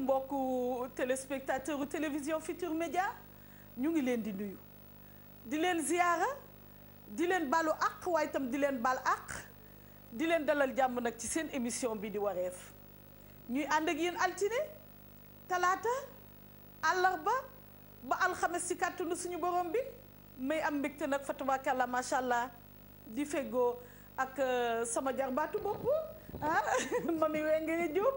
mbokku téléspectateur télévision Futur Média ñu ngi leen di nuyu di leen ziyaara di leen balu àq waaye itam di leen bal àq di leen dalal jàmm nag ci seen émission bi di wareef ñuy ànd ak yéen altine talaata àllarba ba alxames ci kàttanu suñu borom bi may am mbégte nag fa tabaarakalla allah di feggoo ak euh, sama jarbaatu bopp ah mami Wengere Diop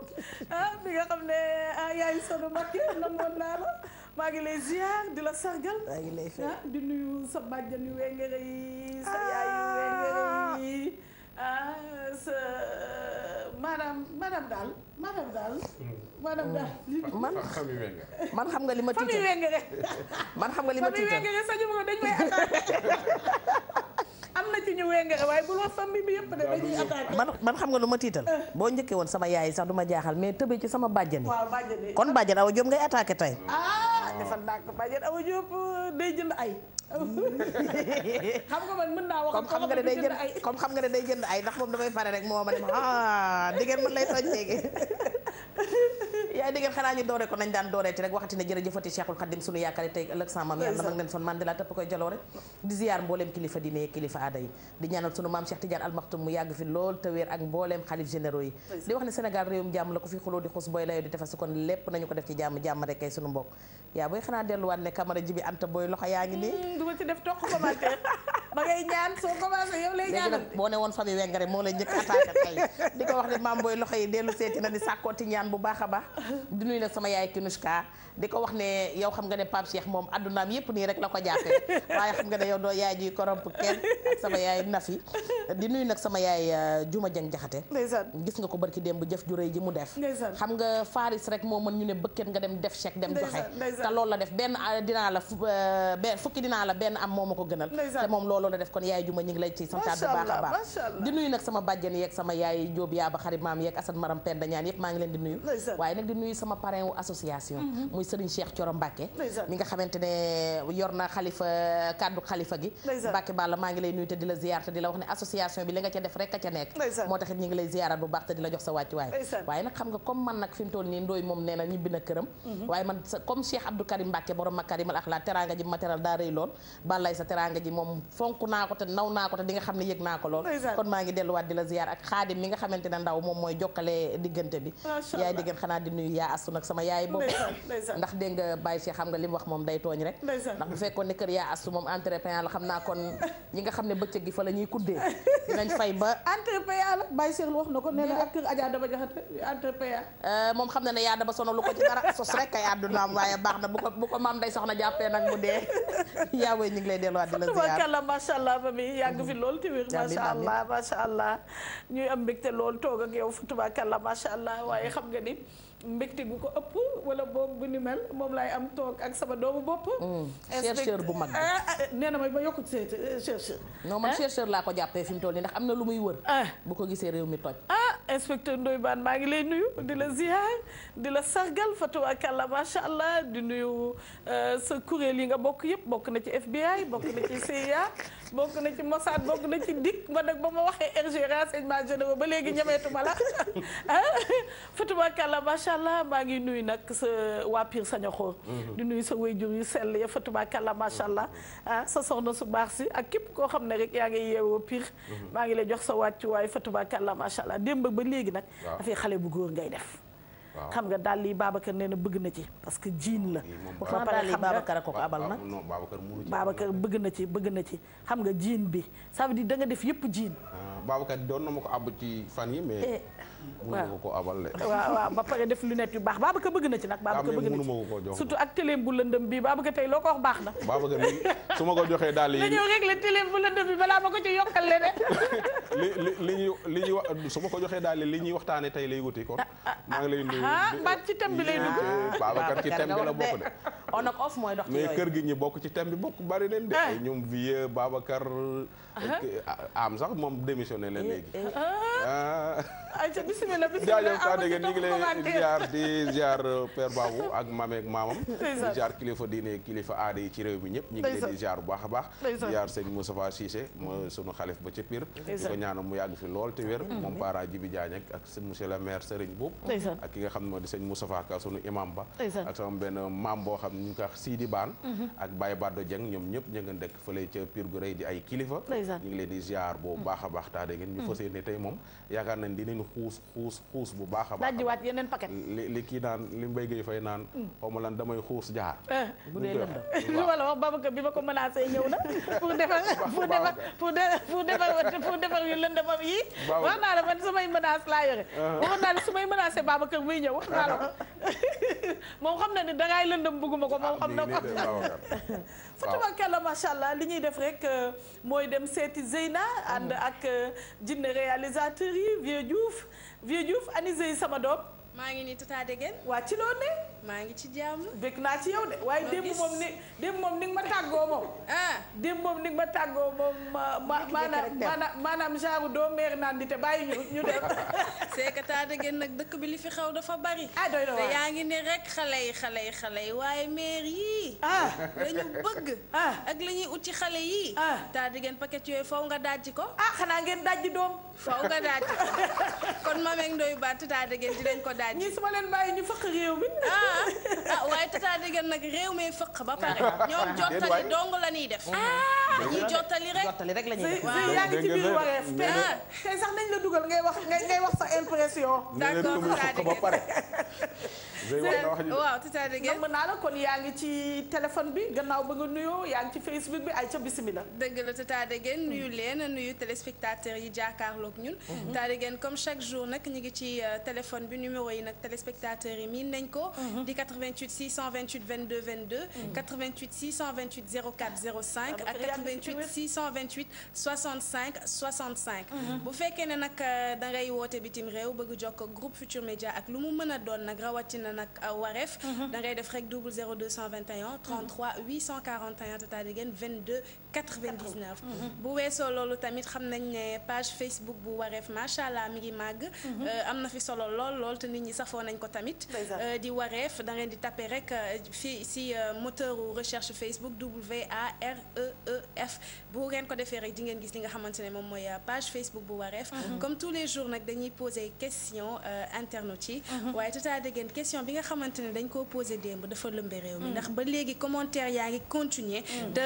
ah bi nga xam ne ah yaay sonu Mbacké maa ngi lay di la sargal. maa ah, di nuyu sa bàjjanu Wengere yi sa ah. yaayu Wengere yi ah sa maanaam maanaam daal maanaam daal. maanaam daal xam nga li ma li ma tiital am na waaye bu loo famille bi yëpp man xam nga lu ma tiital. Eh. boo njëkkee woon sama yaay sax du ma jaaxal mais tëbee ci sama bàjjani. waaw bàjjani kon bàjjan awa jóob ngay attaqué tey. ah dafa ndànk bàjjan awa jóob day jënd ay. xam nga man mën naa wax comme xam nga ne day jënd ay comme xam ne day jënd ay ndax moom damay fare rek moo a ne ma ah di ngeen mën yaay dégg ngeen xanaa ñu doore ko nañ daan dooreeti rek waxati ne jërëjëfati Cheikhul Khadim sunu yaakaar sunu maam yi di wax ne yaa hmm, boo ne woon famille Wengare moo lay njëkk attaqué tey di ko wax ne maam booy loxo yi dellu seeti na di sàkkooti ñaan bu baax a baax du nuyu nag sama yaay Kinushka di ko wax ne yow xam nga ne Pape Cheikh moom addunaam yëpp nii rek la ko jàppee waaye xam nga ne yow doo yaay ji koromp kenn ak sama yaay Nafi di nuyu nag sama yaay euh, Juma Jeng Jaxate gis nga ko barki démb bu jëf ju ji mu def xam nga Faris rek moo mën ñu ne bëkket nga dem def chèque dem joxe te loolu la def benn euh, dinaa la euh, fukki dinaa la benn am moo ma ko gënal te moom loolu la def kon yaay Juma ngi lay ci santaat bu baax a baax di nuyu nag sama bàjjen yeeg sama yaay Jóob yaa ba xarit maam yeeg Assane Maram Penda ñaan yëpp maa ngi leen di nuyu waaye nag di nuyu sama parrain wu association mm-hmm. muy Serigne Cheikh Thioro Mbacke mi nga xamante ne yor na xalifa kàddu xalifa gi Mbacke Balla maa ngi lay nuyu te di la ziyaar te di la wax ne association bi li nga ca def rek ka ca nekk moo taxit ñu ngi lay xam nga comme man nag fi mu toll nii na ñibbi na këram mhm. waaye man comme Cheikh Abdou Karim Mbacke sa teranga ji nga xam ne ndaw moom mooy jokkale diggante bi yaay diggan xanaa di nuyu yaa astu nag sama yaay boobu ndax dégg nga Baye Cheikh xam nga li mu wax moom day tooñ rek ndax bu fekkoon ne kër yaa astu moom entrepreneur la xam naa kon ñi nga xam ne bëccëg gi fa la ñuy kuddee dinañ fay ba entrepreneur la Baye Cheikh lu wax na ko nee na ak kër Adja Daba Jaxate entrepreneur euh, moom xam na ne yaa daba sono lu ko ci dara sos rek ay àddunaam waaye baax na bu ko bu ko maam day soxna jàppee nag mu dee yaa way ñu ngi lay delluwaat di la ziar macha allah ba mi yàgg fi lool te wér macha allah macha allah ñuy am mbégte lool toog ak yow fa tubaakalla macha allah waaye xam nga ni mbégte gu ko ëpp wala boobu bu ni mel moom laay am toog ak sama doomu bopp. Mm. chercheur bu mag bi ah, ah, ah, nee na ma ba yokku ci euh, chercheur. non man chercheur laa ko jàppee fi tool yi nii ndax am na lu muy wër. bu ko gisee réew mi toj. ah inspecteur Ndoye Bane maa ngi lay nuyu di la ziar di la sargal fatawaakàlla macha allah di nuyu euh, sa kuréel yi nga bokk yëpp bokk na ci FBI bokk na ci CIA. bokk na ci Mossad bokk na ci dikk ma nag ba ma waxee RG renseignement généraux ba léegi ñameetuma la ah Fatuma Kalla macha allah maa ngi nuyu nag sa waa Pire Sañoxoor mhm. di nuyu sa wayjur yu sell ya Fatuma Kalla macha allah mhm. ah sa soxna su baax si ak képp koo xam ne rek yaa ngi yeewoo Pire mhm. maa ngi lay jox sa wàccuwaay Fatuma Kalla macha allah démb ba léegi nag dafay xale bu góor ngay def xam nga daal lii Babacar nee na bëgg na ci parce que jiin la ba pare xam nga Babacar a ko ko abal nag Babacar bëgg na ci bëgg na ci xam nga jiin bi ça di dire da nga def yëpp jiin ah, Babacar doon na ko àbb ci fan yi mais eh. waaw ko abal waaw waaw ba pare def lu lunette yu baax Babacar bëgg na ci nag Babacar bëgg na ci surtout ak téléem bu lëndëm bi Babacar tey loo ko baax na Babacar su ma ko joxee téléem bu lëndëm bi balaa ma ko ci yokkal le li li li ñuy wax su ma ko joxee daal li ñuy waxtaane tey lay wuti kon ah, ah, maa ngi lay ah, nuyu baat ci thème bi lay dugg Babacar bokk de on ak off mooy mais kër gi ñi bokk ci thème bi bokk bari leen de. Ah. ñoom vieux Babacar. Ah. Ah, am sax moom démissionné leen eh, léegi. Eh. ayca bisimilah bisimilah jaajëf saa lay di ziar euh, Père Babou ak mame ak maamam. di ziar kilifa diine kilifa aada yi ci réew bi ñëpp. ñu ngi leen di ziar bu baax a baax. ziar sëñ Moustapha Cissé mooy sunu xalif ba ci Pire. di ko ñaanal mu yàgg fi lool te wér. moom Paara Jibi Diagne ak monsieur le maire Serigne Boub. ak ki nga xam moo di sëñ Moustapha Ka sunu imam ba. ak sama benn ñu ngi ko wax Baan ak Baye Baddo Dieng ñoom ñëpp ñu ngi dëkk fële ca Pire gu rëy di ay kilifa ñu leen di ziar bu baax a baax taa dégg ngeen ñu mm. fas yéene tey moom yaakaar nañ dinañ xuus xuus xuus bu baax a baax dajjiwaat yeneen paquet li li kii naan li mbay gay fay naan mm. xaw ma lan damay xuus jaar eh, bu dee lan lu ma la wax bi ma ko menacé ñëw na pour defar pour defar pour defar pour defar yu lëndamam la man samay menace laa yore uh-huh. wax naa uh-huh. moom xam na ne dangay lëndam bëgguma ko moom ah, xam na ko fatumakella macha allah li ñuy def rek euh, mooy dem seeti Zeyna ànd uh-huh. ak euh, jinne réalisateur vieux Diouf vieux Diouf Anissé sama doom. maa ngi ni tout à waa ci lool ne. maa ngi ci jàmm. dégg naa ci yow de waaye démb moom ni démb moom ni nga ma ah. tàggoo moom. ah démb ni nga tàggoo moom ma maanaam maanaam genre doo meer naan di te bàyyi ñu ñu dem. c'est que nag dëkk bi li fi xew dafa bari. ah yaa ngi ne rek xale yi xale yi xale yi waaye meer yii. ah lañu bëgg. ah ak la ñuy ut ci xale yii. ah Tataguine paquet yooyu faw nga dajji ko. ah xanaa ngeen dajji doom. faw nga dajji ko kon Mame ak Ndoye Bane Tataguine di leen ko dajji. ñii su ma leen bàyyi ñu fëq réew mi. Ah. ah waaye tata dégg nag réew mi fëq ba pare ah, ah, ñoom ah, jottali dong la ñuy def. ah ñi jottali rek jottali rek la def waaw yaa ngi sax nañ la dugal ngay wax ngay wax sa impression. d'accord tata ba pare. waaw tata dégg naa la kon yaa ngi ci téléphone bi gannaaw ba nga nuyoo yaa ngi ci Facebook bi ay ca bisimilah. dëgg la tata dégg nuyu leen nuyu téléspectateurs yi jàkkaarloog ñun. Mhm. tata dégg comme chaque jour nag ñu ngi ci euh, téléphone bi numéro yi nag téléspectateurs yi miin nañ ko. Mhm. di 88 628 22 22. 88 628 04 05 ak 88 628 65 65. bu fekkee ne nag euh, da ngay woote bitim réew bëgg jokk groupe Futur Média ak lu mu mën a doon nag rawatina nag euh, wareef. Hmm. da ngay def rek double 0221 33 841 tata Degen 22. 99. Mhm. Mhm. bu weesoo loolu tamit xam nañ ne page Facebook bu wareef macha allah mi ngi màgg. Mhm. Euh, am na fi solo lool lool te nit ñi safoo nañ ko tamit. Euh, di wareef da di taper rek euh, fi si moteur recherche Facebook W A R E E bu ngeen ko defee rek di ngeen gis li nga xamante ne moom mooy page Facebook bu wareef. comme tous les jours nag dañuy poser question internautes yi. waaye tout à fait question bi nga xamante ne dañ koo poser démb dafa lëmbe réew mi. ndax ba léegi commentaire yaa ngi continuer te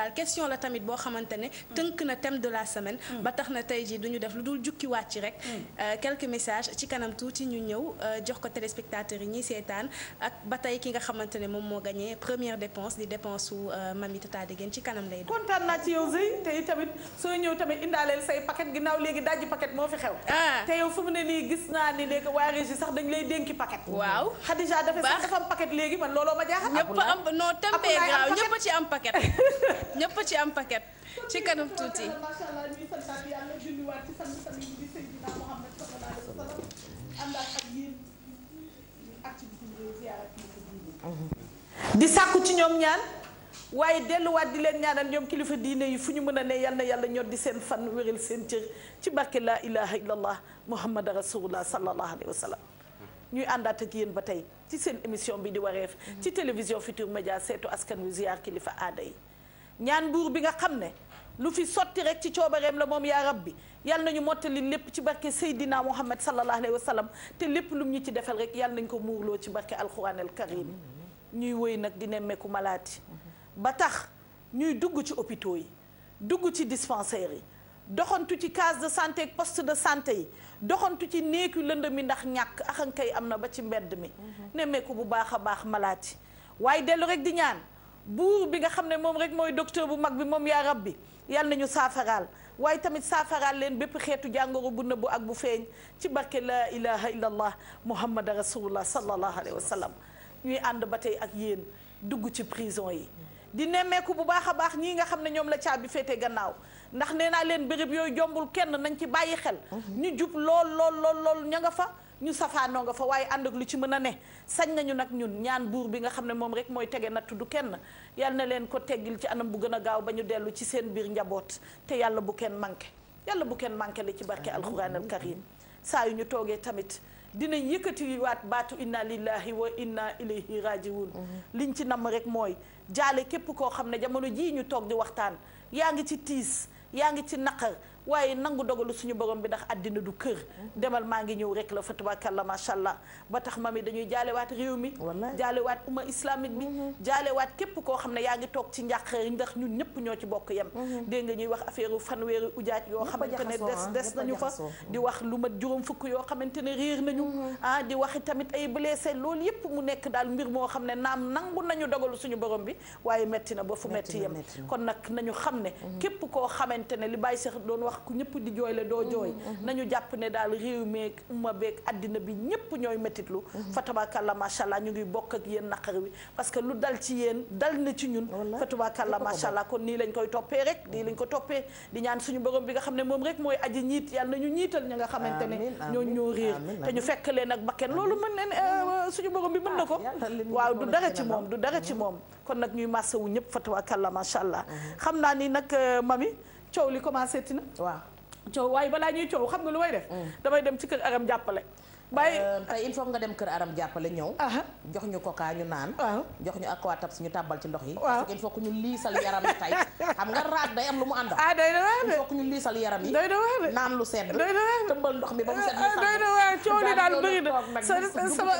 daal question la tamit boo xamante ne tënk na thème de la semaine mm. ba tax na tey ji du def lu dul jukki wàcc rek mm. euh, quelques message ci kanam tuuti ñu ñëw euh, jox ko téléspectateurs yi ñuy seetaan ak ba tey ki nga xamante ne moom moo gagné première dépense di dépense su euh, mami tata Degen ci kanam lay doon. kontaan naa ci yow Zey te tamit soo ñëw tamit indaaleel say gi ginnaaw léegi dajji paquet moo fi xew. Ah. te yow fu mu ne nii gis naa ni léegi waa Régis sax dañ lay dénki paquet. waaw Xadija dafa sax léegi man looloo ma jaaxal. am non tempee graaw ñëpp ci am paquet. ñëpp ci am paket ci kanam tuuti. di sàkku ci ñoom ñaan waaye delluwaat di leen ñaanal ñoom kilifa diine yi fu ñu mën a ne yal na yàlla ñor di seen fan wéral seen cër ci barke laa ilaha illallah muhammad rasulullah sallallahu alayhi wa sallam ñuy àndaat ak yéen ba tey ci seen émission bi di wareef ci télévision Futurs Médias seetu askan wi ziar kilifa aada yi ñaan buur bi nga xam ne lu fi sotti rek ci coobareem la moom yaa rabbi yal ñu mottali lépp ci barke Seydina Muhammad sallallahu alayhi wa sallam te lépp lum ñu ci defal rek yal nañ ko muurloo ci barke alquran al karim ñuy woy nag di nemmeeku malaati ba tax ñuy dugg ci hôpitaux yi dugg ci dispensaires yi doxantu ci case de santé ak poste de santé yi doxantu ci néegu lënd mi ndax ñàkk axankay am na ba ci mbedd mi mhm. nemmeeku bu baax a baax malaati waaye dellu rek di ñaan buur bi nga xam ne moom rek mooy docteur bu mag bi moom yaa rab bi yàlla ñu saafaraal waaye tamit saafaraal leen bépp xeetu jàngoro bu nëbbu ak bu feeñ ci barke laa ilaha illallah muhammad rasulullah sallallahu alayhi wa sallam ñuy ànd ba tey ak yéen dugg ci prison yi di nemmeeku bu baax a baax ñii nga xam ne ñoom la caabi féete gannaaw ndax nee naa leen béréb yooyu jombul kenn nañ ci bàyyi xel mhm. ñu jub lool lool lool lool nga fa ñu safaanoo nga fa waaye ànd ak lu ci mën a ne sañ nañu nag ñun ñaan buur bi nga xam ne moom rek mooy tege natt du kenn yal na leen ko teggil ci anam bu gën a gaaw ba ñu dellu ci seen biir njaboot te yàlla bu kenn manqué yàlla bu kenn manqué li ci barke alxuraan al karim saa yu ñu toogee tamit dinañ yëkkati waat baatu inna lillahi wa inna ilayhi rajiwun liñ ci namm rek mooy jaale képp koo xam ne jamono jii ñu toog di waxtaan yaa ngi ci tiis yaa ngi ci naqar waaye nangu dogalu suñu borom bi ndax àddina du kër demal maa ngi ñëw rek la fa tabarakallah masha allah ba tax ma mi dañuy jaalewaat réew mi jaalewaat umma islamique bi mm-hmm. jaalewaat képp koo xam ne yaa ngi toog ci njàqare ndax ñun ñëpp ñoo ci bokk yem mm-hmm. dégg nga ñuy wax affaire fanweeri ujaaj yoo xamante ne des ah, des nañu fa di wax lu mat juróom fukk yoo xamante ne réer nañu mm-hmm. ah di wax tamit ay blessé loolu yëpp mu nekk daal mbir moo xam ne naam nangu nañu dogalu suñu borom bi waaye metti na ba fu metti yem kon nag nañu xam ne képp koo xamante ne li bàyyi sax doon wax ku ñëpp di jooy le doo mhm. jooy mhm. nañu jàpp ne daal réew meeg umma beeg àddina bi ñëpp ñooy mettitlu mhm. la macha allah ñu ngi bokk ak yéen naqar wi parce que lu dal ci yéen dal na ci ñun la macha allah kon nii lañ koy toppee rek nii lañ ko toppee di ñaan suñu borom bi nga xam ne moom rek mooy aji ñiit yàlla ñu ñiital ña nga xamante ne ñoo ñoo réer te ñu fekk leen ak bakken loolu mën leen eh, suñu borom bi mën na ko ah, waaw du dara ci moom d dara ci moom kon nag ñuy massa wu ñëpp fatabakalla macha allah xam naa ni nag eh, mami coow li commencé tina waaw coow waaye balaa ñuy coow xam nga lu may def mm. damay dem ci kër aram jàppale bay tey euh, il nga dem kër aram jàppale ñëw ah, ah. jox ñu coca ñu naan ah. jox ñu aquatabs ñu tàbbal ci ndox yi parce que il faut que ñu liisal yaram yi tey xam nga raag day am lu mu àndal ah day na waar il faut que ñu yaram yi day na naan lu sedd day na waar tëmbal ndox mi ba mu sedd day na waar coow li daal bëri na sama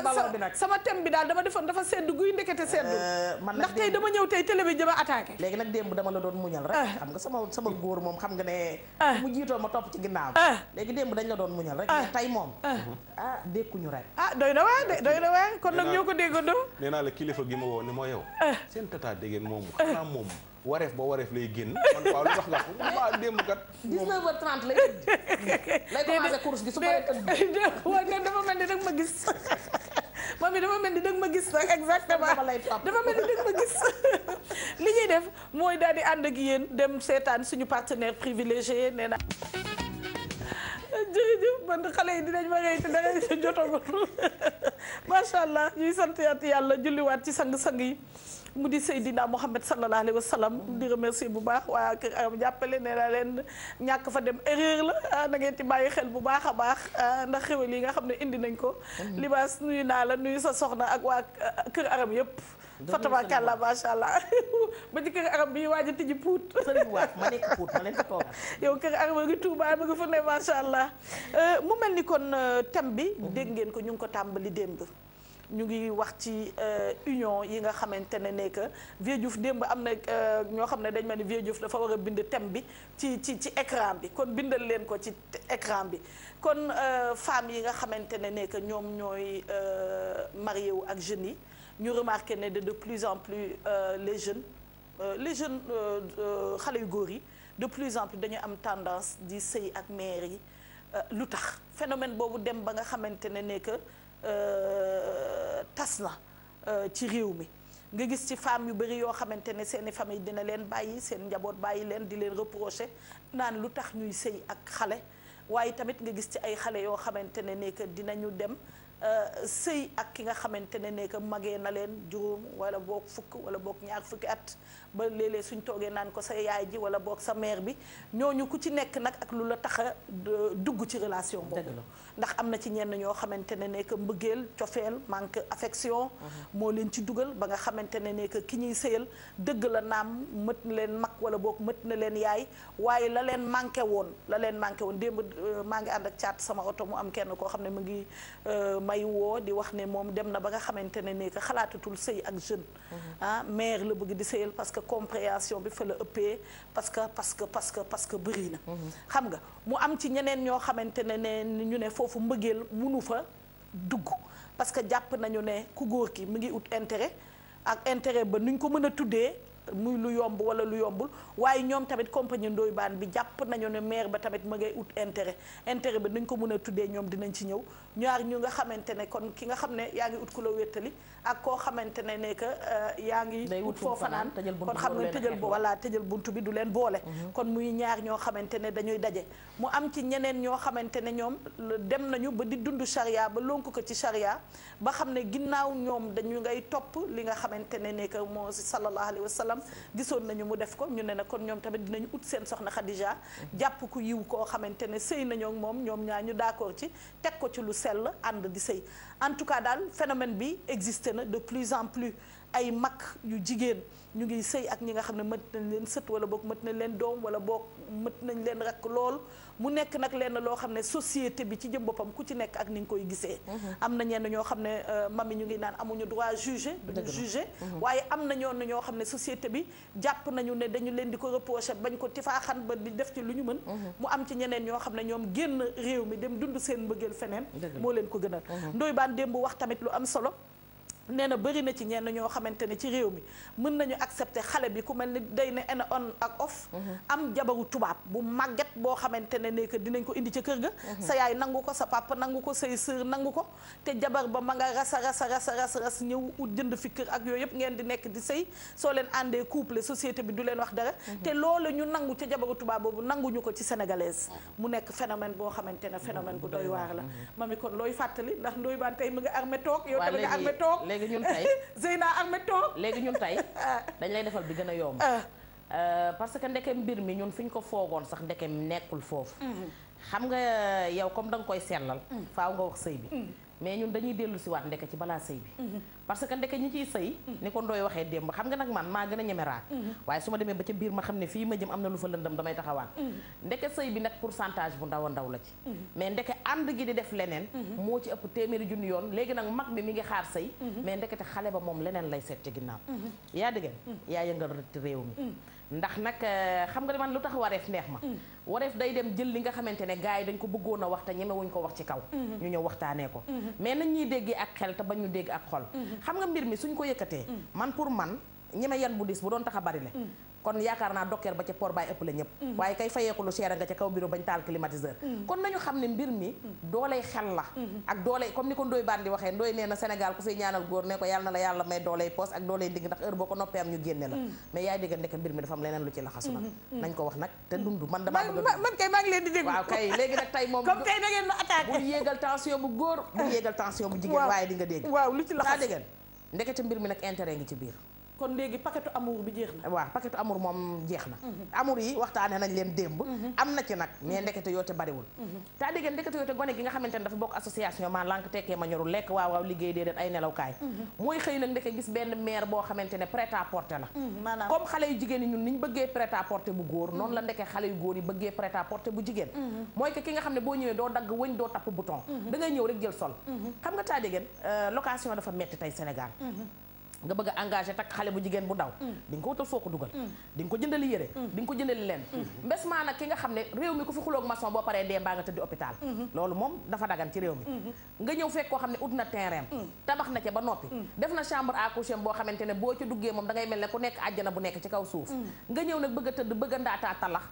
sama thème bi daal dama defoon dafa sedd guy ndekete sedd euh, man ndax tey dama ñëw tey télé bi jëma attaqué léegi nag démb dama la doon muñal rek xam nga sama sama góor moom xam nga ne mu jiitoo ma topp ci ginnaaw léegi démb dañ la doon muñal rek tey moom ah dékkuñu rek. ah doy na waay doy na waay kon nag ñoo ko déggandoo. nee naa la kilifa gi ma woo ni moo yow. Ah. seen tata dégg moom xanaa moom. wareef ba wareef lay génn man waaw lu tax nga ko gi su paree tëdd. dafa mel ni dag ma gis moom it dafa mel ni dag ma gis rek exactement dafa mel ni dag ma gis. li ñuy def mooy daal di ànd ak yéen dem seetaan suñu partenaire privilégié nee na. jërëjëf man xale yi dinañ ma xëy te dara sa jotagul macha allah ñuy sant yàlla julliwaat ci sang-sang yi mu di Seydina Mohamed sallallahu alayhi wa sallam di remercier bu baax waa kër Aram jàppale ne la leen ñàkk fa dem erreur la ah, na ngeen ci bàyyi xel bu baax a baax ah, ndax xewel yi nga xam ne indi nañ ko libaas nuyu naa la nuyu sa soxna ak waa kër Aram yëpp fatabakàlla macha allah ba ci kër arab bi waaj tijji puut ma nekk puut ma leen toogal yow kër arab a ngi Tuubaa ba nga fa ne macha allah euh, mu mel ni kon euh, thème bi dégg ngeen ko ñu ngi ko tàmbali démb ñu ngi wax ci euh, union yi nga xamante ne ne que Vieux démb am na ñoo xam ne dañ ma ne Vieux Diouf dafa war a bind thème bi ci ci ci écran bi kon bindal leen ko ci écran bi kon femmes yi nga xamante ne ne ñoom ñooy marié wu ak jeunes yi ñu remarqué ne de de plus en plus euh, les jeunes euh, les jeunes euh, euh, xale yu góor yi de plus en plus dañu am tendance di sëy ak mère yi euh, lu tax phénomène boobu dem ba nga xamante ne ne que tas na ci réew mi nga gis ci femmes yu bëri yoo xamante ne seeni famille dina leen bàyyi seen njaboot bàyyi leen di leen reprocher naan lu tax ñuy sëy ak xale waaye tamit nga gis ci ay xale yoo xamante ne ne que dinañu dem Euh, sëy ak ki nga xamante ne ne que magee na leen juróom wala bokk fukk wala bokk ñaar fukki at ba léeg-léeg suñ toogee naan ko sa yaay ji wala boog sa mère bi ñoo ñu ku ci nekk nag ak lu la tax a dugg ci relation boobu ndax am na ci ñenn ñoo xamante ne nekk mbëggeel cofeel manque affection mhm. moo leen ci dugal ba nga xamante ne nekk ki ñuy sëyal dëgg la naam mët leen mag wala boog mët na leen yaay waaye la leen manqué woon la leen manqué woon démb euh, maa ngi ànd ak caat sama oto mu am kenn koo xam ne mu ngi euh, may woo di wax ne moom dem na ba nga xamante ne nekk xalaatatul sëy ak jeune mhm. ah, que bi fa la ëppee parce que parce que parce que parce que bëri na. xam nga mu am ci ñeneen ñoo xamante ne ne ñu ne foofu mbëggeel munu fa dugg parce que jàpp nañu ne ku góor ki mu ngi ut intérêt ak intérêt ba nuñ ko mën a tuddee. muy lu yomb wala lu yombul waaye ñoom tamit compagnie ndoy baan bi jàpp nañu ne maire ba tamit ma ngay ut intérêt intérêt bi nañ ko mën a tuddee ñoom dinañ ci ñëw ñaar ñu nga xamante ne kon ki nga xam ne yaa ngi ut ku la wéttali ak koo xamante ne ne que euh, yaa ngi wut foo fanaan kon xam nga tëjal bu walla tëjal bunt bi du leen boole mhm. kon muy ñaar ñoo xamante ne dañuy daje mu am ci ñeneen ñoo xamante ne ñoom dem nañu ba di dund charia ba lonk ko ci charia ba xam ne ginnaaw ñoom dañu ngay topp li nga xamante ne ne que moo si sallallahu alayhi wa gisoon nañu mu def ko ñu ne na kon ñoom tamit dinañu ut seen soxna Khadija mhm. jàpp ku yiw koo xamante ne sëy nañoo moom ñoom ñaar ñu d'accord ci teg ko ci lu sell ànd di sëy en tout cas daal phénomène bi existé na de plus en plus ay mag yu jigéen ñu ngi sëy ak ñi nga xam ne mët nañ leen sët wala boog mët nañ leen doom wala boog mët nañ leen rakk lool mu nekk nag lenn loo xam ne société bi ci jëm boppam ku ci nekk ak ni nga koy gisee mhm. am na ñenn ñoo xam ne euh, mami ñu ngi naan amuñu droit juger duñu mhm. waaye am na ñoon ñoo xam ne société bi jàpp nañu ne dañu leen di ko reprocher bañ ko tifaaxan ba di def ci lu ñu mën mhm. mu am ci ñeneen ñoo xam ne ñoom génn réew mi dem dund seen mbëggeel feneen moo leen ko gënal ndoy baan démb wax tamit lu am solo nee na bëri na ci ñenn ñoo xamante ne ci réew mi mën nañu accepter xale bi ku mel ni day ne en on ak off. Mm-hmm. am jabaru tubaab bu màgget boo xamante ne ne que dinañ ko indi ca kër ga. Mm-hmm. sa yaay nangu ko sa papa nangu ko say sœur nangu ko te jabar ba ma nga rasa rasa rasa rasa ras ñëw ut jënd fi kër ak yooyu yëpp ngeen di nekk di sëy soo leen àndee couple société bi du leen wax dara. Mm-hmm. te loolu ñu nangu ca jabaru tubaab boobu nanguñu ko ci sénégalaise. mu nekk phénomène boo xamante ne phénomène bu doy waar la. mami kon looy fàttali ndax ndoy baan tey mu toog yow tamit nga armé toog léegi ñun tey Zeyna Ahmed toog léegi ñun tey ah. dañ lay defal bi gën a yomb ah. euh, parce que ndeke mbir mi ñun fi ñu ko foogoon sax ndeke nekkul foofu mm-hmm. xam nga yow comme da nga koy sellal mm. faaw nga wax sëy bi mm. mais ñun dañuy dellu si waat ndeke ci balaa sëy bi parce que ndeke ñi ciy sëy ni ko ndooy waxee démb xam nga nag man maa gën a ñeme raak waaye su ma demee ba ca biir ma xam ne fii ma jëm am na lu fa lëndëm damay taxawaat ndeke sëy bi nag pourcentage bu ndaw a ndaw la ci mais ndeke ànd gi di def leneen moo ci ëpp téeméeri junni yoon léegi nag mag mi mi ngi xaar sëy mais ndekete xale ba moom leneen lay seet ci ginnaaw yaa dëggeen yaa yëngal réew mi ndax nag euh, xam nga ne man lu tax wareef neex ma mm. wareef day dem jël li nga xamante ne gars yi dañ ko bëggoon a wax te ñemewuñ ko wax ci kaw mm-hmm. ñu ñëw waxtaanee ko mm-hmm. mais nañ ñuy déggee ak xel te bañ ñu dégg ak xol mm-hmm. xam nga mbir mi suñ ko yëkkatee mm. man pour man ñeme yan bu dis bu doon taxa bari le mm. kon yaakaar naa dokkeer ba ca port baay ëpp la ñëpp mm-hmm. waaye kay fayeeku lu seer nga ca kaw bureau bañ taal climatiseur mm-hmm. kon nañu xam ne mbir mi mm-hmm. dooley xel la ak dooley comme ni ko Ndoye Bandi waxee Ndoye nee na Sénégal ku fiy ñaanal góor ne ko yàlla na la yàlla may dooley poos ak dooley ndigg ndax heure boo ko noppee am ñu génne la dégg ndekk ci te dund man dama man kay maa ngi leen di dégg waaw kay léegi nag bu góor bu yéegal tension bu jigéen waaye nga dégg waaw lu ci laxas daa dégg mbir mi nag intérêt ngi ci biir kon léegi paquetu amour bi jeex na. waaw paquetu amour moom jeex na. Mhm. amour yi waxtaanee nañ leen démb. Mhm. am na ci nag mais mhm. ndekete yoote bariwul. taa dégg ndekete yoote gone gi nga xamante ne dafa bokk association maa lànk tekkee ma ñorul lekk waaw waaw liggéey dee ay nelawkaay. mooy xëy nag ndeke gis benn maire boo xamante ne prêt à porter la. maanaam comme xale yu jigéen yi ñun niñ bëggee prêt à porter bu góor noonu la ndeke xale yu góor yi bëggee prêt à porter bu xam ne boo ñëwee doo dagg wëñ doo tapp bouton. ngay ñëw rek jël sol. xam nga taa dégg euh, location dafa metti tey Sénégal nga bëgg a engagé takk xale bu jigéen bu ndaw mm. di nga ko wutal foo ko dugal mm. di nga ko jëndali yére mm. di ko jëndali leen mbes maa nag ki nga xam ne réew mi ku fi xuloog maçon boo paree dee mbaa nga tëddi hôpital mm-hmm. loolu moom dafa dagan ci réew mi mm-hmm. nga ñëw fekk koo xam ne ut na terrain tabax na ca ba noppi def na chambre à coucher boo xamante ne boo ci duggee moom da ngay mel ne ku nekk àjjana bu nekk ci kaw suuf nga ñëw nag bëgg a tëdd bëgg a ndaataa talax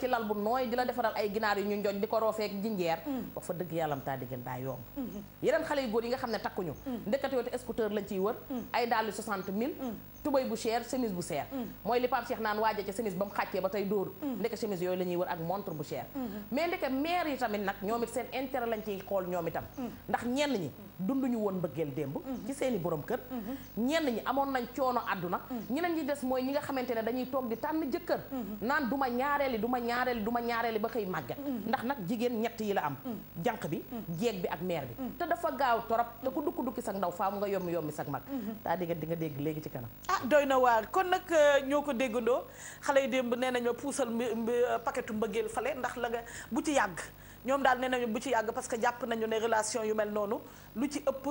ci lal bu nooy di la defaral ay ginaar yu ñu njoñ di ko roofeek jinjeer wax fa dëgg yàllam taa diggéen daa yomb mm-hmm. yeneen xale yu góor yi nga xam ne takkuñu ndekkat yoote scooter lañ ciy wër ay dàll 60 mille mm. tubay bu cher chemise bu cher mm. mooy li Pape Cheikh naan waaja ca chemise ba mu xàccee ba tey dóoru mm. ndeke chemise yooyu la ñuy wër ak montre bu cher mm-hmm. mais ndeke maire yi tamit nag ñoom seen intérêt lañ ciy xool ñoomitam ndax ñenn ñi dunduñu woon mbëggeel démb mm-hmm. ci seen i borom kër mm-hmm. ñenn ñi amoon nañ coono àdduna ñeneen ñi des mooy ñi nga xamante ne dañuy toog di tànn jëkkër naan du ma ñaareeli du ma ñaareeli du ma ñaareeli ba xëy màgget ndax nag jigéen ñett yi la am jànq bi jeeg bi ak maire bi te dafa gaaw torop te ku dukk dukki sag ndaw faamu nga yommi yommi sag mag daa dégg di nga dégg léegi ci kanam. ah doy na waar kon nag euh, ñoo ko déggandoo xale yi démb nee nañu puusal paquetu mbëggeel fale ndax la nga bu ci yàgg. ñoom daal nee nañu bu ci yàgg parce que jàpp nañu ne relation yu mel noonu lu ci ëpp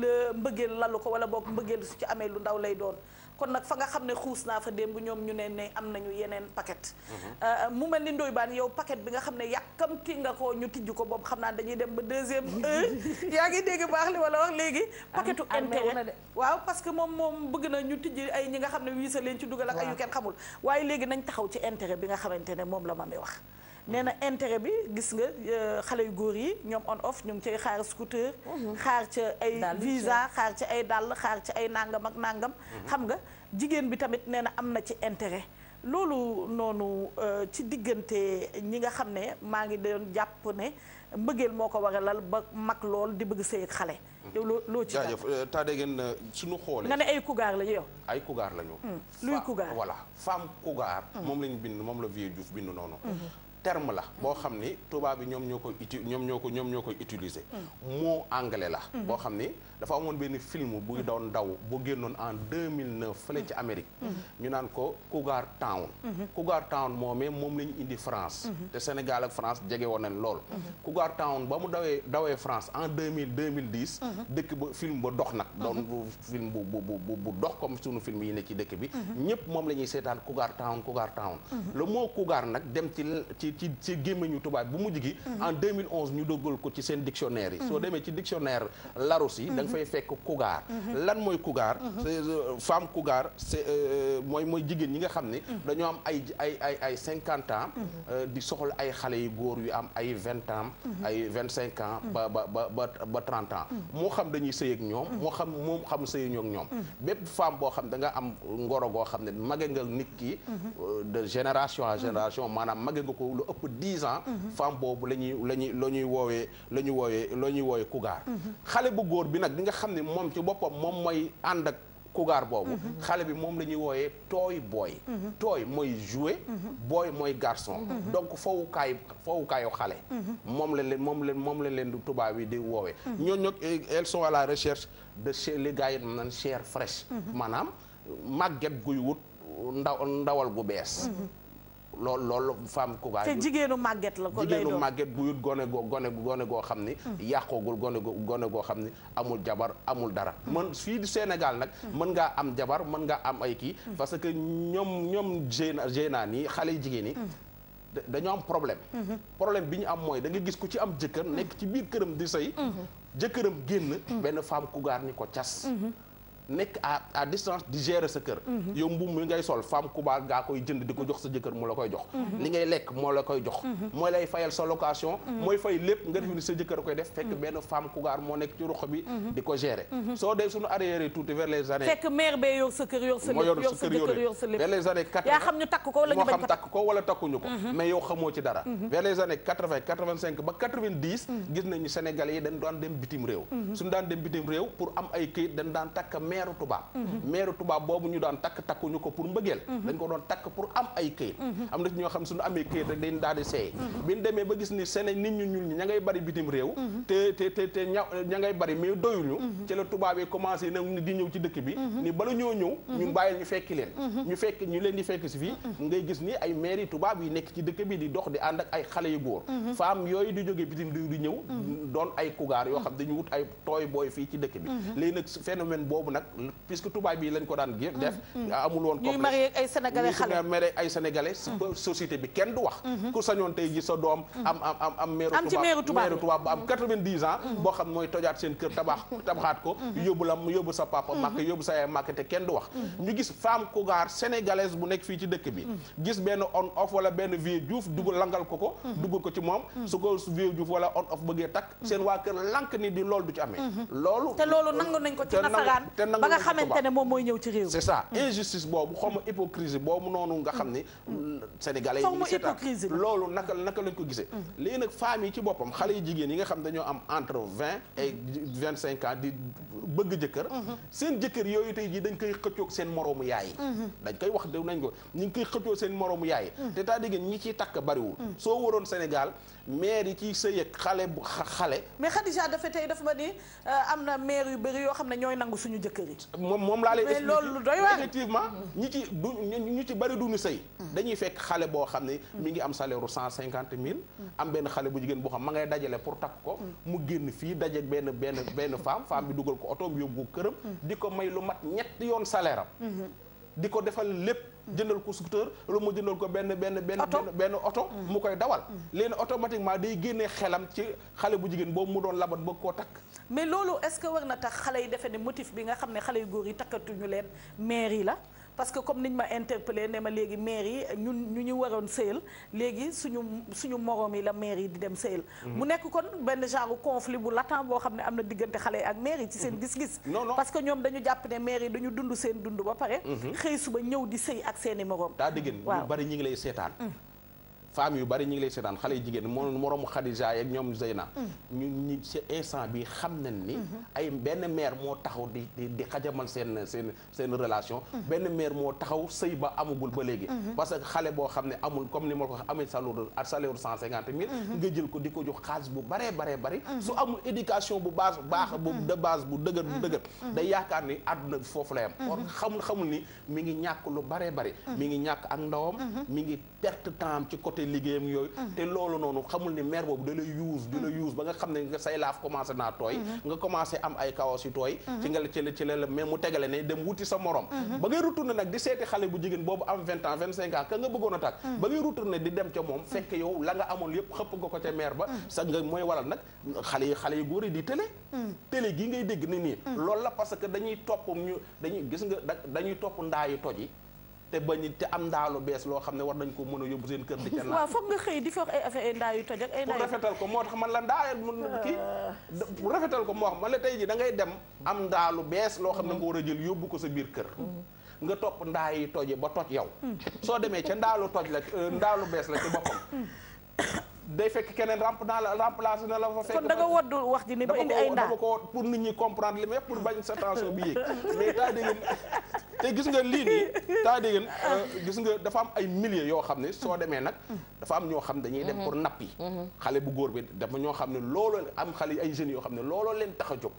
la mbëggeel lalu ko wala boog mbëggeel su ci amee lu ndaw lay doon kon nag fa nga xam ne xuus naa fa démb ñoom ñu ne ne am nañu yeneen paquet mhm. euh, mu mel ni ndoy baan yow paquet bi nga xam ne yàkkamti nga ko ñu tijj ko boobu xam naa dañuy dem ba deuxième heure yaa ngi dégg baax li wala wax léegi paquetu intérêt waaw parce que moom moom bëgg na ñu tijj ay ñi nga xam ne wiisa leen ci dugal ak ay kenn xamul waaye léegi nañ taxaw ci intérêt bi nga xamante ne moom la ma mi wax nee na intérêt bi gis nga euh, xale yu góor yi ñoom on off ñu ngi cay xaar scooter. Mhm. xaar ca ay visa xaar ca ay dàll xaar ci ay nangam ak nangam. Mhm. xam nga jigéen bi tamit nee na am na ci intérêt. loolu noonu euh, ci diggante ñi nga xam ne maa ngi doon jàpp ne mbëggeel moo ko waralal ba mag lool di bëgg sëy ak xale. Mhm. yow loo loo ci jaajëf euh, taa dégg ngeen suñu xoolee. nga ne ay cougar la yow. ay cougar la ñu. Mm. luy cougar voilà femme cougar. Mm. moom lañ bind moom la vieux Diouf bind terme la boo xam ni tubaab bi ñoom ñoo koy uti ñoom ñoo ko ñoom ñoo koy utiliser mm. mot anglais la mm. boo xam ni dafa amoon benn film buy doon daw bu génnoon en 2009 fële ci mm. Amérique ñu naan ko Cougar Town mm-hmm. Cougar Town moomee moom la indi France mm-hmm. te Sénégal ak France jege woon nañ lool mm-hmm. Cougar Town ba mu dawee dawee France en de 2000 2010 dëkk ba film ba dox nag doon film bu bu bu bu dox comme sunu film yi ne ci dëkk bi ñëpp moom la ñuy seetaan Cougar Town Cougar Town le mot Cougar nag dem ci ci ci ci gémmiñu tubaab bu mujj gi mhm. en 2011 ñu doggal ko ci seen dictionnaire yi mhm. soo demee ci dictionnaire Larousse yi da mhm. fay fekk cougar lan mooy cougar euh, femme cougar c'est euh, mooy mooy jigéen ñi nga xam ne dañoo am ay ay ay ay cinquante ans euh, di soxla ay xale yu góor yu am ay vingt ans ay vingt cinq ans ba ba ba ba trente moo xam dañuy sëy ak ñoom moo xam moom xam sëy ak ñoom bépp femme boo xam da am ngoro goo xam ne mage nga nit ki génération à génération maanaam mage lu ëpp dix ans mhm. femme boobu la ñuy la ñuy la ñuy woowee la ñuy woowee la ñuy woowee kugaar mhm. xale bu góor bi nag bi nga xam ne moom ci boppam moom mooy ànd ak kugaar boobu mhm. xale bi moom la ñuy wooyee tooy booy tooy mooy jouet booy mooy garçon donc fowukaay fowukaayu xale moom la leen moom leen moom la leen tubaab yi di woowee ñooñu nag e elles la recherche de chez les gars yi chair fraîche maanaam màgget guy wut ndaw ndawal gu bees lool lool femme Cuba. te jigéenu màgget la ko lay doon jigéenu màgget bu yut gone goo gone gone goo xam ni. Mm. yàqoogul gone goo gone goo xam ni amul jabar amul dara. Mm. man fii Sénégal nag. Mm. mën ngaa am jabar mën nga am ay kii. parce que ñoom ñoom génaan yi xale jigéen yi. dañoo am problème. Mm-hmm. problème bi ñu am mooy da nga gis ku ci am jëkkër nekk ci biir këram di sëy mm-hmm. jëkkëram génn. benn femme cougar ni ko cas. Mm-hmm. nekk à à distance di gérer sa kër mhm. yow mbuum mi ngay sol femme Cuba gaa koy jënd di ko jox sa jëkkër mu la koy jox li mhm. ngay lekk moo la koy jox mhm. mooy lay fayal sa location mooy fay lépp nga def ni sa jëkkër koy def fekk benn femme Cuba moo nekk ci ruq bi di ko gérer soo dee suñu arrière tuuti vers les années fekk mère bee yor sa kër yor sa lépp yor sa jëkkër yor sa lépp yaa xam ñu takk ko wala ñu bañ ko takk ko wala takkuñu ko mais yow xamoo ci dem bitim réew suñu daan dem bitim réew pour am ay këyit dañ meeru tubaab mhm. meeru tubaab boobu ñu daan takk takkuñu ko pour mbëggeel mhm. dañ ko doon takk pour am ay këyit mhm. am na ci ñoo xam suñu amee këyit rek dañ daal di seey bi ñu demee ba gis ni sene nit ñu ñuul ñi ña ngay bàyyil ñu fekki leen ñu fekk ñu leen di fekk si fii ngay gis ni ay maire tubaab yi nekk ci dëkk bi di dox di ànd ak ay xale yu góor femme yooyu di jógee bitim di ñëw doon ay kugaar yoo xam dañu wut ay tooy booy fii ci dëkk bi léegi nag phénomène boobu nag puisque tubaab bi lañ ko daan def mm-hmm. amul woon ñuy marié ay sénégalais xale marié ay sénégalais mm-hmm. société bi kenn du wax mm-hmm. ku sañoon tey ji sa doom am am am am meeru tubaab meeru tubaab am boo xam mooy tojaat seen kër tabax tabaxaat ko yóbbu la yóbbu sa papa màkk yóbbu sa yaay màkk te kenn du wax ñu gis femme cougar sénégalaise bu nekk fii ci dëkk bi gis benn on off wala benn vieux diouf dugg langal ko ko dugg ko ci moom su ko vieux diouf wala on off bëggee takk seen waa kër lank ni di loolu du ci amee ba nga xamante ne moom mooy ñëw ci réew c'est ça injustice boobu xaw ma hypocrisie boobu noonu nga xam ni sénégalais yi loolu naka naka lañ ko gisee mm-hmm. léegi nag femmes yi ci boppam xale yi jigéen yi nga xam dañoo am entre vingt et vingt cinq ans bëgg jëkkër mhm. seen jëkkër yooyu tey jii dañ koy xëccoog seen moroomu yaay mhm. dañ koy wax de nañ ko ñu ngi koy xëccoo seen moroomu yaay mhm. te taa dégg ñi ciy takk bariwul soo waroon Sénégal maire yi ciy sëyeeg xale bu xale mais Khadija dafa tey dafa ma ni euh, am na maire yu bëri yoo xam ne ñooy nangu suñu jëkkër yi moom moom laa lay mais loolu doy waar ci du ñu ci bari duñu sëy dañuy fekk xale boo xam ne mu ngi am salaire u cent cinquante mille am benn xale bu jigéen boo xam ma ngay dajale pour takk ko mu génn fii dajeeg benn benn benn femme femme bi dugal ko oto doom yóbbu këram. Hmm. di ko may lu mat ñett yoon salaire hmm. di ko defal lépp. Hmm. jëndal ko scooter lu mu jëndal ko benn benn benn benn oto mu koy dawal leen léegi automatiquement day génnee xelam ci xale bu jigéen boobu mu doon labat bëgg koo takk mais loolu est-ce que war na tax xale yi defe ne motif bi nga xam ne xale yu góor yi takkatuñu leen mairie la parce que comme niñ ma interpellé ne ma léegi maire yi ñun ñu ñu waroon sëyal léegi suñu suñu moroom yi la maire yi di dem sëyal mm. mu nekk kon benn genre conflit bu latent boo xam ne am na diggante xale yi ak maire yi ci seen mm-hmm. gis-gis parce que ñoom dañu jàpp ne maire yi dañu dund seen dund ba pare mm-hmm. xëy suba ñëw di sëy ak seeni moroom daa dégg ñu bari ñi ngi lay seetaan mm. femmes yu bari ñu lay seetaan xale yu jigéen moo moromu Khadija ak ñoom Zeyna mm. ñu ñi ci instant bi xam nañ ni mm-hmm. ay benn mère moo taxaw di di xajamal seen seen seen relation mm-hmm. benn maire moo taxaw sëy ba amagul ba léegi mm-hmm. parce que xale boo xam ne amul comme ni ma ko amee salaire ak salaire cent cinquante mille nga jël ko di ko jox xaalis bu baree baree bari su amul éducation bu baax baax bu de base bu dëgër bu dëgër day yaakaar ni àdduna foofu la yam or xamul xamul ni mi ngi ñàkk lu baree bari mi ngi ñàkk ak liggéeyam yooyu mm. te loolu noonu xamul ni maire boobu da lay use di la mm. use ba nga xam ne nga say laaf commencé naa tooy mm-hmm. nga commencé am ay kawas yu tooy mm-hmm. ci nga la ci la mais mu tegale ne dem wuti sa morom mm-hmm. ba ngay retourné nag di seeti bu jigéen boobu am vingt ans vingt cinq ans ka a tàkk mm. dem ca moom fekk yow la nga amoon yëpp xëpp nga ko ca maire ba sa nga mooy waral nag xale yi xale yi góor yi di télé télé gi ngay dégg ni nii loolu la parce que dañuy topp ñu dañuy gis nga dañuy topp ndaa toj yi te bañ te am ndaalu bees loo xam ne war nañ ko mën a yóbbu seen kër di ca naan waaw foog nga xëy di foog ay affaire ay ndaa yu toj ak ay ndaa yu rafetal ko moo tax man la ndaa mun kii ah. rafetal ko moo xam man la tey ji da ngay dem am ndaalu bees loo xam ne nga war a jël yóbbu ko sa biir kër mm-hmm. nga topp ndaa yi toje ba toj yow mm. soo demee ca ndaalu toj la euh, ndaalu bees la ci boppam mm. day fekk keneen remplacé na la fa fekk. kon da nga wodd wax ji ni ba indi ay ndaa ko pour nit ñi comprendre li may pour bañ sa tension bi yéeg mais te gis nga lii nii taa dégg euh, gis nga dafa am ay milliers yoo xam ne soo demee nag dafa am ñoo xam dañuy dem pour nappi. xale bu góor bi dafa ñoo xam ne looloo am xale ay jeunes yoo xam ne looloo leen tax a jóg.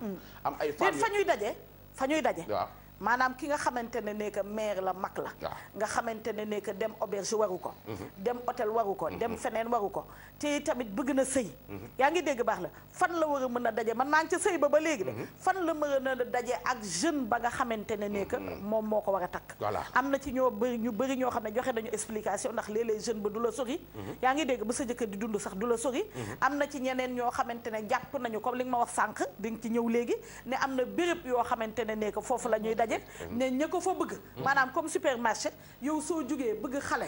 am ay femmes fa ñuy daje fa ñuy daje. waaw maanaam ki nga xamante ne nekk maire la mag la nga xamante ne nekk dem auberge waru ko mhm. dem hôtel waru ko dem mhm. feneen waru ko te tamit bëgg na sëy mhm. yaa ngi dégg baax la fan la war mën a daje man maa ngi ca sëy ba ba léegi de fan la mën a daje ak jeune ba nga xamante ne nekk moom moo ko war a takk am na ci ñoo bëri ñu bëri ñoo xam ne joxe nañu explication ndax léeg-léeg jeune ba du la sori yaa ngi dégg ba sa jëkkër di dund sax du la sori am na ci ñeneen ñoo xamante ne jàpp nañu comme li nga ma wax sànq di nga ci ñëw léegi ne am na béréb yoo xamante ne nekk foofu la ñuy daje daje ne ña ko fa bëgg maanaam comme supermarché yow soo jugee bëgg xale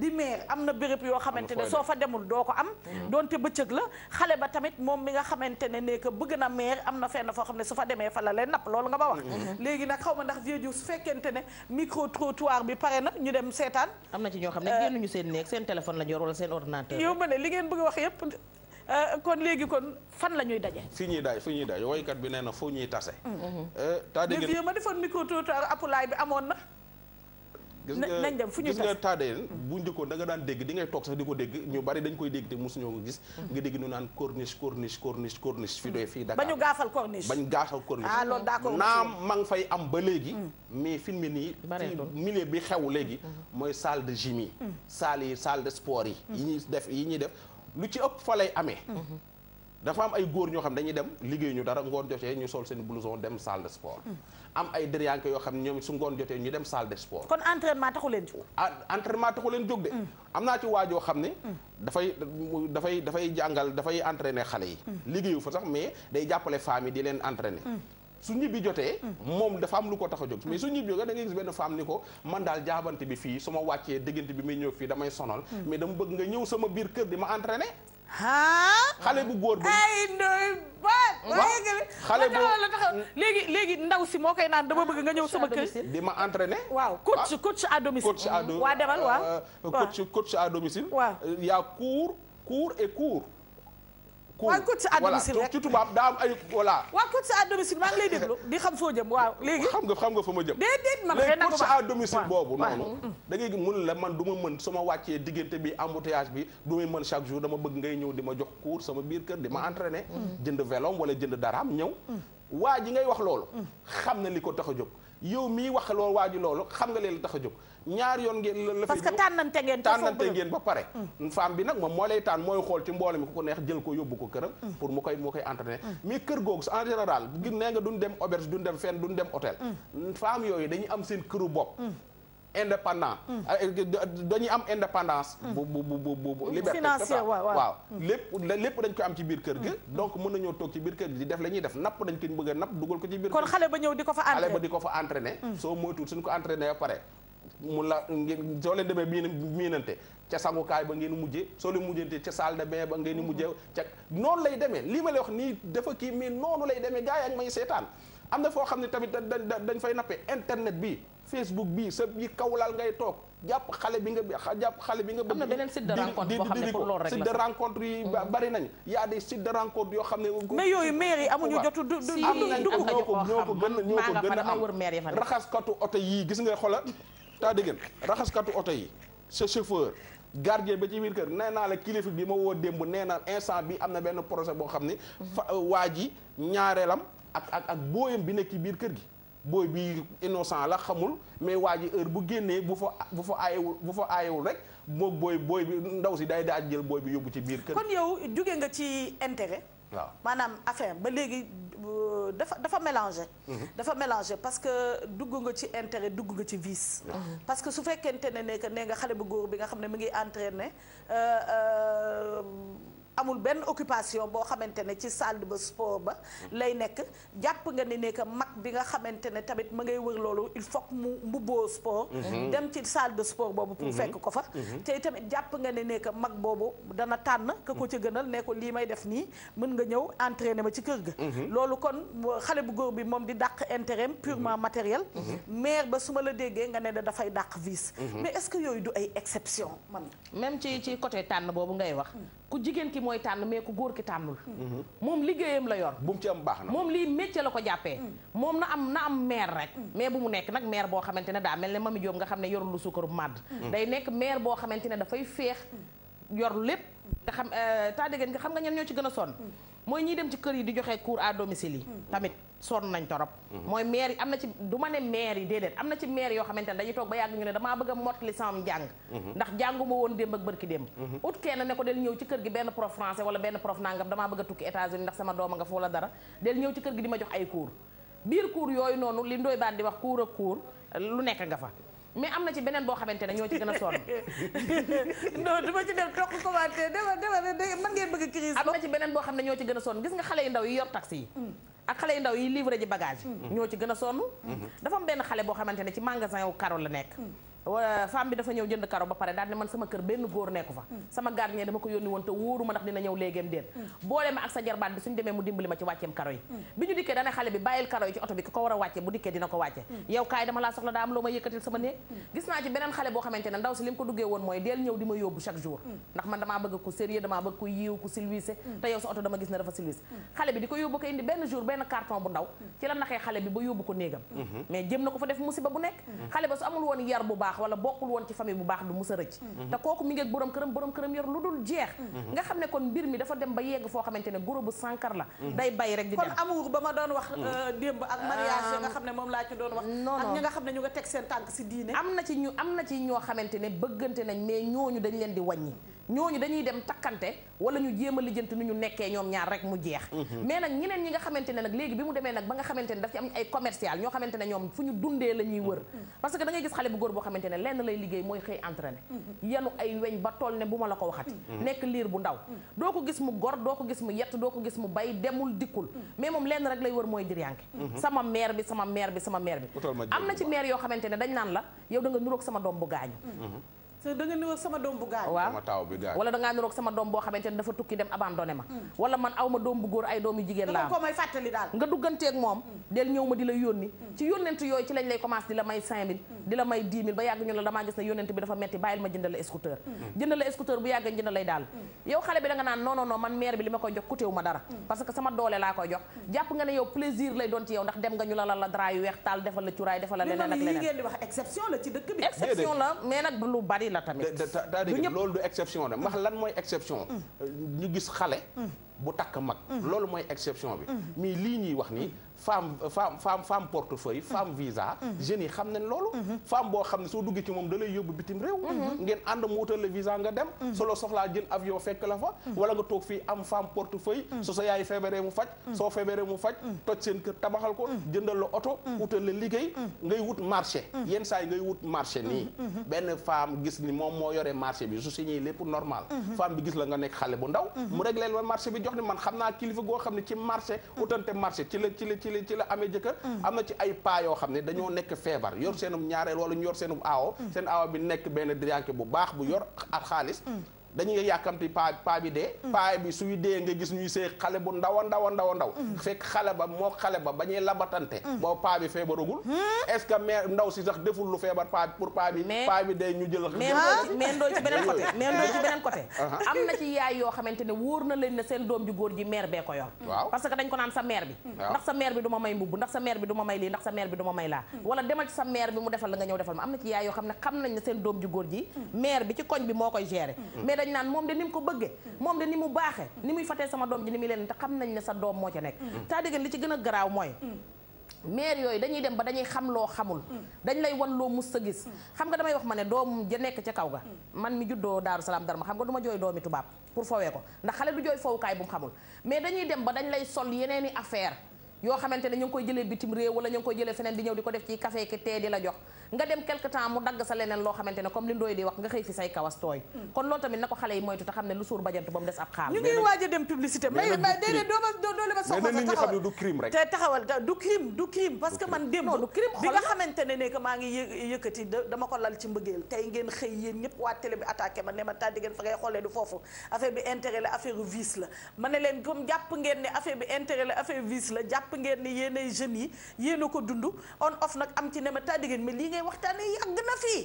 di meer am na béréb yoo xamante ne soo fa demul doo ko am mm-hmm. doonte bëccëg la xale ba tamit moom mi nga xamante ne ne bëgg na meer am na fenn foo xam ne su fa demee fa la leen napp loolu nga ba wax mm-hmm. léegi nag xaw ma ndax vieux Diouf fekkente ne micro trottoir bi pare na ñu dem seetaan am na ci ñoo xam ne euh, génnuñu seen néeg seen téléphone la ñu yor seen ordinateur yow ma ne li ngeen wax yépp Euh, kon léegi kon fan la ñuy daje. fi ñuy daje fi ñuy daje woykat bi nee na foo ñuy tase. Mm-hmm. Euh, taade ngeen ma defoon micro trottoir apulaay bi amoon na. gis nañ dem fu ñuy tase gis nga mm. bu njëkkoon da nga daan dégg di ngay toog sax di ko dégg ñu bari dañ koy dégg te mosuñoo ko gis. Mm-hmm. nga dégg ñu naan corniche corniche corniche corniche fi doy fii mm. Dakar. ba ñu gaafal corniche ba ñu gaafal corniche. ah loolu d'accord naam ma ngi fay am ba léegi. Mm. mais fi mu ne nii. ci milieu bi xew léegi. Mm-hmm. mooy salle de gym yi. salle yi salle def yi ñuy def lu ci ëpp fa lay amee. dafa am ay góor ñoo xam dañuy dem liggéey ñu dara ngoon jotee ñu sol seen blouson dem salle de sport. am ay déryanke yoo xam ñoom su ngoon jotee ñu dem salle de sport. kon entraînement taxu leen jóg. Ah, entraînement taxu leen jóg de. Mm. am naa ci waajoo xam ne. Mm. dafay dafay dafay jàngal dafay entraîner xale yi. Mm. liggéeyu fa sax mais day jàppale femmes yi di leen entraîner. su ñibbi jotee moom dafa am lu ko tax a jóg mais su ñibbi jotee da ngay gis benn ni ko man daal jaabante bi fii su ma wàccee diggante bi may ñëw fii damay sonal hmm. mais dama bëgg nga ñëw sama biir kër di ma entraîné xale bu góor ba ba. xale léegi ndaw si moo koy naan dama bëgg nga ñëw sama kër. di ma entraîner. waaw ah. coach coach à domicile. coach à do waa demal euh, euh, waaw. coach coach à domicile. waaw euh, y a cours cours et cours. cool waaw coach à domicile rek ci tubaab daa am ay voilà waaw coach à lay déglu di xam foo jëm waaw léegi xam nga xam nga fa ma jëm déedéet man léegi coach à domicile boobu noonu da ngay mun la man du ma mën sama wàccee diggante bi embouteillage bi du may mën chaque jour dama bëgg ngay ñëw di ma jox cours sama biir kër di ma entraîner jënd velom wala jënd daraam ñëw waa ji ngay wax loolu xam na li ko tax a jóg yow mii wax loolu waa ji loolu xam nga leen tax a jóg ñaar yoon ngeen la la parce que tànnante ngeen tànnante ngeen ba pare mm. femme bi nag moom moo lay tànn mooy xool ci mbooloo mi ku ko neex jël ko yóbbu ko këram mm. pour mu koy mu koy entraîner mm. mais kër googu en général gi nee nga duñ dem auberge duñ dem fenn duñ dem hôtel yooyu dañuy am seen këru bopp indépendant ah, dañuy am indépendance bu bu bu bu liberté financière waaw lépp lépp dañ ko am ci biir kër gi donc mën nañoo toog ci biir kër gi di def la ñuy def napp dañ ko bëgg napp dugal ko ci biir kon xale ba ñëw di ko fa entraîner xale ba di ko fa entraîner soo moytuwul suñ ko entraîner ba pare mu la ngeen soo leen demee miin miinante ca sangukaay ba ngeen mujje soo leen mujjante ca salle de bain ba ngeen mujje ca noonu lay demee lii ma lay wax nii dafa kii mais noonu lay demee gars yi ak seetaan am na foo ne tamit dañ fay nappe internet bi Facebook bi sa yi laal ngay toog jàpp xale bi nga jàpp xale bi nga bëgg. am na de rencontre boo xam ne pour loolu rek la de rencontre mm-hmm. de rencontre yoo xam ne. mais yooyu maire yi amuñu jotu du du. am nañ am nañu koo ñoo ko gën a ñoo ko gën a raxaskatu oto yii gis nga xoolal. taa dégg raxaskatu oto yi sa chauffeur gardien ba ci biir kër nee naa la kilifa bi ma woo démb nee naa instant bi am na benn projet boo xam ne fa mhm. euh, waa ji ñaareelam ak ak ak booyam bi nekk ci biir kër gi booy bi innocent la xamul mais waa ji heure bu génnee bu fa bu fa aayewul bu fa aayewul rek moom booy booy bi ndaw si day daal jël booy bi yóbbu ci biir kër kon yow jóge nga ci intérêt waaw maanaam affaire ba léegi euh, dafa dafa mélangé mhm. dafa mélangé parce que dugg nga ci intérêt dugg nga ci vice mhm. parce que su fekkente ne ne que nee nga xale bu góor bi nga xam ne mu ngi entraîné euh, euh, amul benn occupation boo xamante ne ci salle ba sport ba lay nekk jàpp nga ne ne que mag bi nga xamante ne tamit ma ngay wër loolu il faut que mu mbubboo sport mhm. dem ci salle de sport boobu pour mhm. fekk ko fa mhm. tey tamit jàpp nga ne ne que mag dana tànn ko ci gënal ne ko lii may def nii mën nga ñëw entraîner ma ci kër ga loolu kon xale bu góor bi moom di dàq intérêt purement matériel maire ba su ma la déggee nga ne da dafay dàq vice mais est-ce que yooyu du ay exception man même ci ci côté tànn boobu ngay wax mm. ku jigéen ki mooy tànn mais ku góor ki tànnul moom liggéeyam la yor bu mu ci am baax na moom lii métier la ko jàppee mm. moom na am na am maire rek mais bu mu nekk nag maire boo xamante ne daa mel ne mi Diop nga xam ne yorul lu suukaru màdd mm. day nekk maire boo xamante ne dafay feex mm. yor lépp nga xam euh, taa dégg nga xam nga ñen ñoo ci gën a sonn mooy ñiy dem ci kër yi di joxe cour à domicile yi tamit sonn nañ torop mhm. mooy maire yi am na ci du ma ne maire yi déedéet am na ci maire yoo xamante ne dañuy toog ba yàgg ñu ne damaa bëgg a mottali sama njàng mhm. ndax jànguma woon démb ak bërki démb mhm. ut kenn ne bëgg a tukki yooyu noonu li ndoy baat di wax cours ak cours lu nekk nga fa mais am na ci beneen boo xamante ne ñoo ci gën a na boo xam ne ñoo ci gën a sonn gis nga xale yu ndaw yi yor taxi yi mm. ak xale yu ndaw yi livré ji bagage ñoo ci gën a sonn dafa am benn xale boo xamante ne ci magasin wu Karo la nekk femme bi dafa ñëw jënd karo ba pare daal man sama kër benn góor nekku fa mm. sama gardien dama ko yónni woon te wóoru ndax dina ñëw léegeem déet mm. boole ma ak sa jarbaat bi suñ demee mu dimbali ma ci wàcceem karo yi mm. bi ñu dikkee dana xale bi bàyyil karo yi ci oto bi ki ko war a wàcce bu dikkee dina ko wàcce yow kaay dama laa soxla daa am loo ma yëkkatil sama néeg gis naa ci beneen xale boo xamante ne ndaw si li mu ko duggee woon mooy deel ñëw baax wala bokkul woon ci famille bu baax du musa ci mhm. te kooku mi ngi borom këram borom këram yor lu dul jeex mhm. Mhm. nga xam ne kon mbir mi dafa dem ba yegg foo xamante ne goro bu sànkar la day bay rek di dem kon amour ba ma doon wax euh, démb ak ah. mariage nga xam ne moom laa doon wax ñi nga xam ne ñu nga teg seen tànk si diine am na ci ñu am na ci ñoo xamante ne bëggante nañ mais ñooñu dañ leen di wàññi ñooñu dañuy dem takkante wala ñu jéem a lijjanti nu ñu nekkee ñoom ñaar rek mu jeex mhm. mais na ñeneen ñi nga xamante ne nag léegi bi mu demee nag ba nga xamante ne daf ci am ay commercial ñoo xamante ne ñoom ñu dundee la ñuy wër mhm. parce que da ngay gis xale bu góor boo xamante ne lenn lay liggéey mooy xëy entraîné mhm. yanu ay weñ ba toll ne bu ma la ko waxati nekk liir bu ndaw doo ko gis mu gor doo ko gis mu yett doo ko gis mu bay demul dikkul mais moom lenn rek lay wër mooy diryanke sama mère bi sama mère bi sama mère bi am na ci mère yoo xamante ne dañ naan la yow da nga nuroog sama doom bu gaañu da nga sama doom bu gaañ waaw taaw bi gaañ niroog sama doom boo xamante ne dafa tukki dem abandonné ma mm. wala man aw doom bu góor ay doom yu jigéen laa ko may fàttali daal nga dugganteeg moom mm. del ñëw ma di la yónni mm. ci yónnent yooyu ci lañ lay commencé di la may cinq di la may dix mille ba yàgg ñu la damaa gis ne yónnent bi dafa metti bàyyil ma jëndal la scooter bu yàgg jëndal lay daal yow xale bi da naan non non man mère bi li ma koy la tamit. du loolu du exception de ndax lan mooy exception. Mm. Euh, ñu gis xale. Mm. bu takk mag. Mm. loolu mooy exception bi. mais lii ñuy wax nii. femme femme femme femme portefeuille mm-hmm. femme visa mm-hmm. jeunes yi xam nañ loolu mm-hmm. femme boo xam ne soo duggee ci moom da lay yóbbu bitim réew ngeen ànd mu wutal la visa nga dem solo soxlaa jël avion fekk la fa wala nga toog fii am femme portefeuille so sa yaay feebaree mu faj soo feebaree mu faj toj seen kër tabaxal ko jëndal la oto wutal la liggéey ngay wut marché yenn saa yi ngay wut marché nii benn femme gis ni moom moo yore marché bi su signé lépp normal femme bi gis la nga nekk xale bu ndaw mu réglé ma marché bi jox ni goo xam ne ci marché la ci la amee jëkkër mm. am na ci ay paa yoo xam ne dañoo nekk feebar yor seenum ñaareel wala ñu yor seenum aawo mm. seen aawo bi nekk benn diriyànke bu baax bu yor ak xaalis mm. dañuy yàkkamti paa paa bi dee mm. paa suy dee nga gis ñuy see xale bu ndaw ndaw ndaw ndaw mm. fekk xale ba moo xale ba ba ñuy labatante mm. boobu paa bi feebaragul hmm? est-ce que mère ndaw si sax deful lu feebar paa pour paa bi paa bi ñu jël mais ndooy uh-huh. na yoo xamante ne wóor na leen ne seen doom ju góor ji mère bee ko yor waaw parce que dañ ko naan sa meer bi ndax sa mère bi du ma may mbubb ndax sa mère bi du ma may lii ndax sa mère bi du ma may laa hmm. wala demal ci sa mère bi mu defal la nga ñëw defal ma am na ci yaay yoo xam ne xam nañ ne seen doom ju góor ji mère hmm. bi ci koñ bi moo koy gérer dañ moom de ni mu ko bëggee moom de ni mu baaxee ni muy fatee sama doom ji ni muy leen te xam nañ ne sa doom moo ca nekk mm. c'est-à-dire li ci gën a garaaw mooy mm. maire yooyu dañuy dem ba dañuy xam loo xamul mm. dañ lay wan loo mus sa gis xam nga damay wax ma ne doom ja nekk ca kaw ga man mi juddoo daaru salaam darma xam nga du ma jooy doomi tubaab pour fowee ko ndax xale du jooy fowukaay bu mu xamul mais dañuy dem ba dañ lay sol yeneeni affaire yoo xamante ne ñu koy jëlee bitim réew wala ñu ngi koy jëlee feneen di ko def ci café ki tee di la jox nga dem quelque temps mu dagg sa leneen loo xamante ne comme li ndooy di wax nga xëy fi say kawas tooy kon loolu tamit na ko xale yi moytu te xam ne lu suur bajantu ba mu des ab xaar ma doole ma soxla nit ne du nga xamante ne ne que maa ne du foofu affaire bi intérêt la affaire vice la ma ne leen comme jàpp ngeen ne affaire bi intérêt la affaire vice la jàpp ngeen ne yéen ay yi yéen ko dund on off nag am ci ne ma tàddi ngeen lii ngay waxtaan waxtaanee yàgg na fi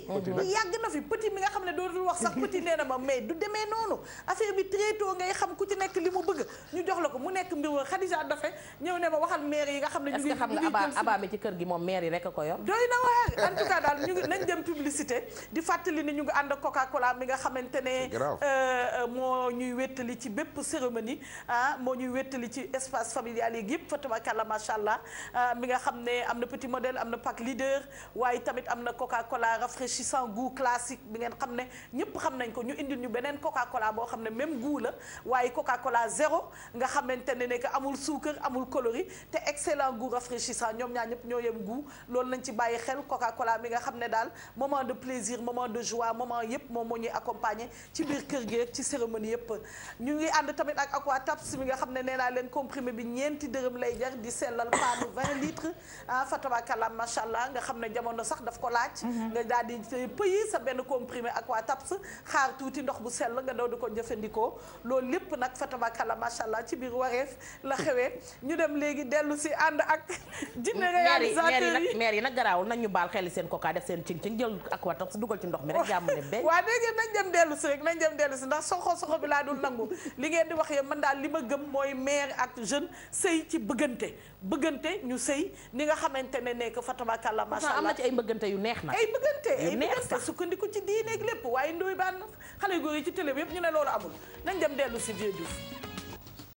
yàgg na fi petit mi nga xam ne dootul wax sax petit nee na ma mais du demee noonu affaire bi très tôt ngay xam ku ci nekk li mu bëgg ñu jox la ko mu nekk mbir Khadija dafe ñëw ne ma waxal maire yi nga xam ne ñu ngi xam nga aba aba bi ci gi moom maire yi rek a ko yor na nañ dem publicité di fàttali ne ñu ngi ànd ak Coca Cola mi nga xamante ne euh, euh, moo ñuy wéttali ci bépp cérémonie ah moo ñuy wéttali ci espace familial yi yëpp fa tabakalla macha allah ah, mi nga xam ne am na petit modèle am na pack leader waaye tamit am na coca cola rafraîchissant goût classique bi ngeen xam ne ñëpp xam nañ ko ñu indi ñu beneen coca cola boo xam ne même goût la waaye coca cola zéro nga xamante ne ne que amul suukar amul coloris te excellent goût rafraîchissant ñoom ñaar ñëpp ñoo yem goût loolu nañ ci bàyyi xel coca cola mi nga xam ne daal moment de plaisir moment de joie moment yëpp moom moo ñuy accompagner ci biir kër gi rek ci cérémonie yëpp ñu ngi ànd tamit ak aqua mi nga xam ne nee naa leen comprimé bi ñeenti dërëm lay jar di sellal paanu 20 litres ah fatabakallah macha allah nga xam ne jamono sax dafa ko laaj mhm. nga daal di eh, pëyi sa benn comprimé ak waa taps xaar tuuti ndox bu sell nga daw di ko jëfandikoo loolu lépp nag la macha allah ci biir wareef la xewee ñu dem léegi dellu si ànd ak jinne réalisateur yi maire yi nag garaawul nañ ñu baal xel seen kokaa def seen cing cing jël ak waa taps dugal ci ndox mi rek jàmm ne benn waaw léegi nañ dem dellu si rek nañ dem man daal li ma gëm mooy maire ak jeune sëy ci bëggante bëggante ñu sëy ni nga xamante ne nekk fatabakala macha allah am na ci ay bëggante yu neex nag. ay bëggante ay bëggante sukkandiku ci diineeg lépp waaye ndoy baan xale góor yi ci télé bi yëpp ñu ne loolu amul nañ dem dellu si Vieux Diouf